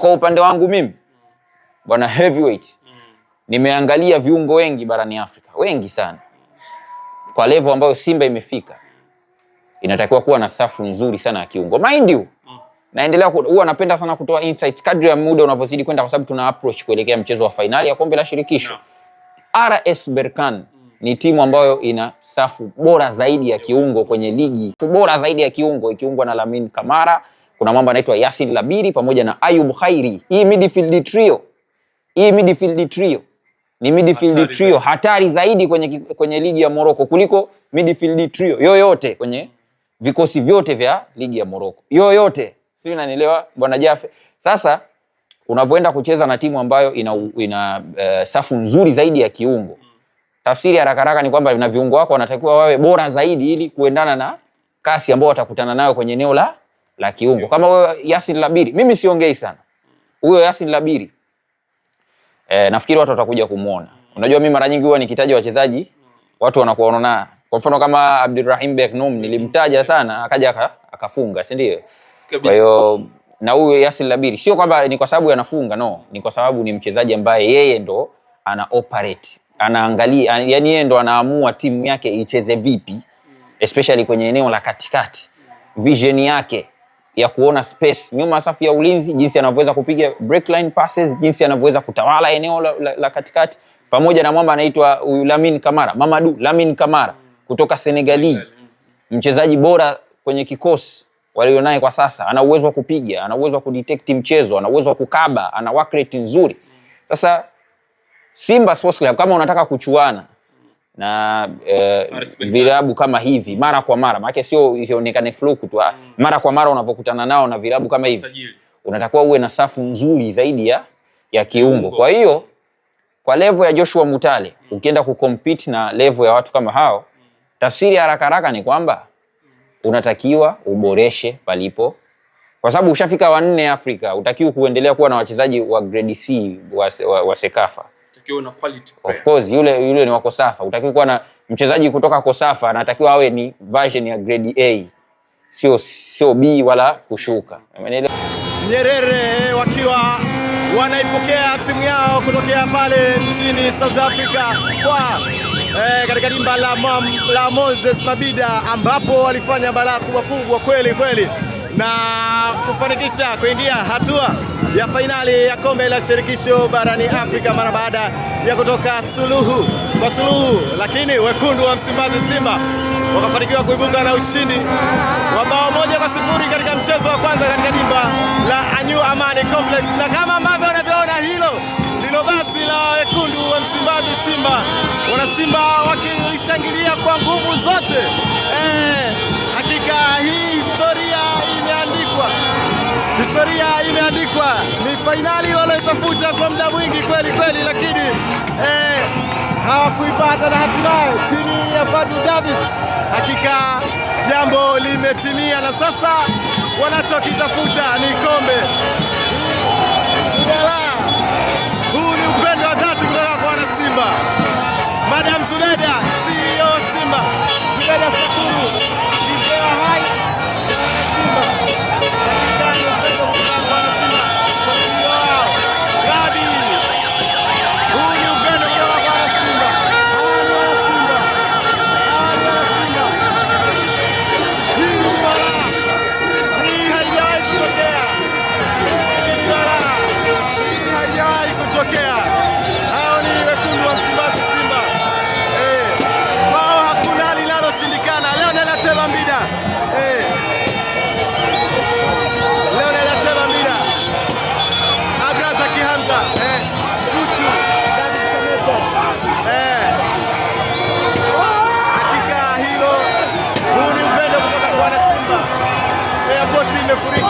Kwa kwa upande wangu mimi bwana Heavyweight nimeangalia viungo wengi barani Afrika, wengi sana. Kwa levo ambayo Simba imefika, inatakiwa kuwa na safu nzuri sana ya kiungo. Mind you, naendelea huwa napenda sana kutoa insight kadri ya muda unavyozidi kwenda, kwa sababu tuna approach kuelekea mchezo wa fainali ya kombe la shirikisho. RS Berkane ni timu ambayo ina safu bora zaidi ya kiungo kwenye ligi, bora zaidi ya kiungo ikiungwa na Lamine Kamara kuna mambo anaitwa Yasin Labiri pamoja na Ayub Khairi. Hii midfield trio, hii midfield trio ni midfield hatari trio hatari zaidi kwenye, kwenye ligi ya Morocco kuliko midfield trio yoyote kwenye vikosi vyote vya ligi ya Morocco yoyote, si unanielewa bwana Jafe? Sasa unavyoenda kucheza na timu ambayo ina, ina uh, safu nzuri zaidi ya kiungo, tafsiri haraka haraka ni kwamba na viungo wako wanatakiwa wawe bora zaidi ili kuendana na kasi ambayo watakutana nayo kwenye eneo la la kiungo kama huyo Yasin Labiri. Mimi siongei sana huyo Yasin Labiri e, nafikiri watu watakuja kumuona. Unajua mimi mara nyingi huwa nikitaja wachezaji watu wanakuwa wanaona, kwa mfano kama Abdulrahim Beknum nilimtaja sana akaja akafunga, si ndio? Kwa hiyo na huyo Yasin Labiri sio kwamba ni kwa sababu anafunga, no, ni kwa sababu ni mchezaji ambaye yeye ndo ana operate anaangalia, yani yeye ndo anaamua timu yake icheze vipi, especially kwenye eneo la katikati, vision yake ya kuona space nyuma safu ya ulinzi, jinsi anavyoweza kupiga breakline passes, jinsi anavyoweza kutawala eneo la, la, la katikati, pamoja na mwamba anaitwa huyu Kamara, Mamadou Lamin Kamara kutoka Senegali, mchezaji bora kwenye kikosi walionaye kwa sasa. Ana uwezo wa kupiga, ana uwezo wa kudetect mchezo, ana uwezo wa kukaba, ana work rate nzuri. Sasa Simba Sports Club kama unataka kuchuana na uh, vilabu kama hivi mara kwa mara, maana sio ionekane fluku tu ah, mm. Mara kwa mara unavyokutana nao na vilabu kama hivi Unatakiwa uwe na safu nzuri zaidi ya, ya kiungo. Kwa hiyo kwa levo ya Joshua Mutale mm. ukienda kucompete na levo ya watu kama hao mm. tafsiri ya haraka haraka ni kwamba mm. unatakiwa uboreshe palipo kwa sababu ushafika wanne Afrika, utakiwa kuendelea kuwa na wachezaji wa grade C wa, wa, wa Sekafa ukiwa na quality Of course yule yule ni wa Kosafa. Utakiwa kuwa na mchezaji kutoka Kosafa anatakiwa awe ni version ya grade A. Sio sio B wala kushuka. Umeelewa? Nyerere wakiwa wanaipokea timu yao kutokea pale nchini South Africa kwa eh, katika dimba la, la Moses mabida ambapo walifanya balaa kubwa kubwa kweli kweli na kufanikisha kuingia hatua ya fainali ya kombe la shirikisho barani Afrika mara baada ya kutoka suluhu kwa suluhu, lakini wekundu wa Msimbazi Simba wakafanikiwa kuibuka na ushindi wa bao moja kwa sifuri katika mchezo wa kwanza katika dimba la Anyu Amani Complex, na kama ambavyo unavyoona hilo ndilo basi la wekundu wa Msimbazi Simba, wanasimba wakilishangilia kwa nguvu zote. Historia imeandikwa, ni fainali walioitafuta kwa muda mwingi kweli kweli, lakini eh, hawakuipata na hatimaye chini ya Fadlu Davis hakika jambo limetimia, na sasa wanachokitafuta ni kombe. Huu ni upendo wa dhati kutoka kwa Wanasimba. Madam Zubeda, CEO Simba, Zubeda Sakuru Puri